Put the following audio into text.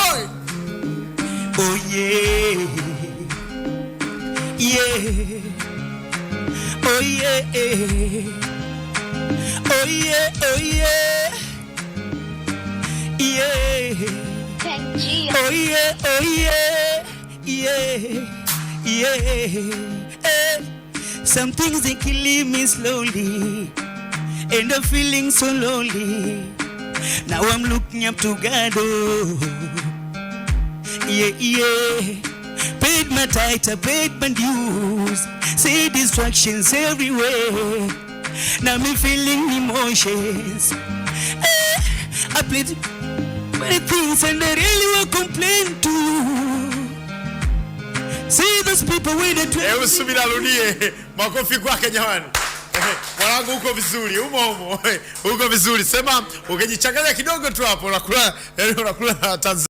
boy. Oh yeah. Yeah. Oh yeah. Oh yeah. Oh yeah. Yeah. Oh yeah. Oh yeah. Yeah. Yeah. Hey. Eh. Some things they kill me slowly. And I'm feeling so lonely. Now I'm looking up to God. Oh yeah. Pavement paid my dues. See distractions everywhere. Now me feeling emotions. Eh, I played many things and I really will complain to See those people with the twins. Usubira rudie. Makofi kwake jamani. Eh, mwanangu uko vizuri, umo umo. Eh, uko vizuri. Sema ukijichanganya kidogo tu hapo unakula, eh, unakula Tanzania.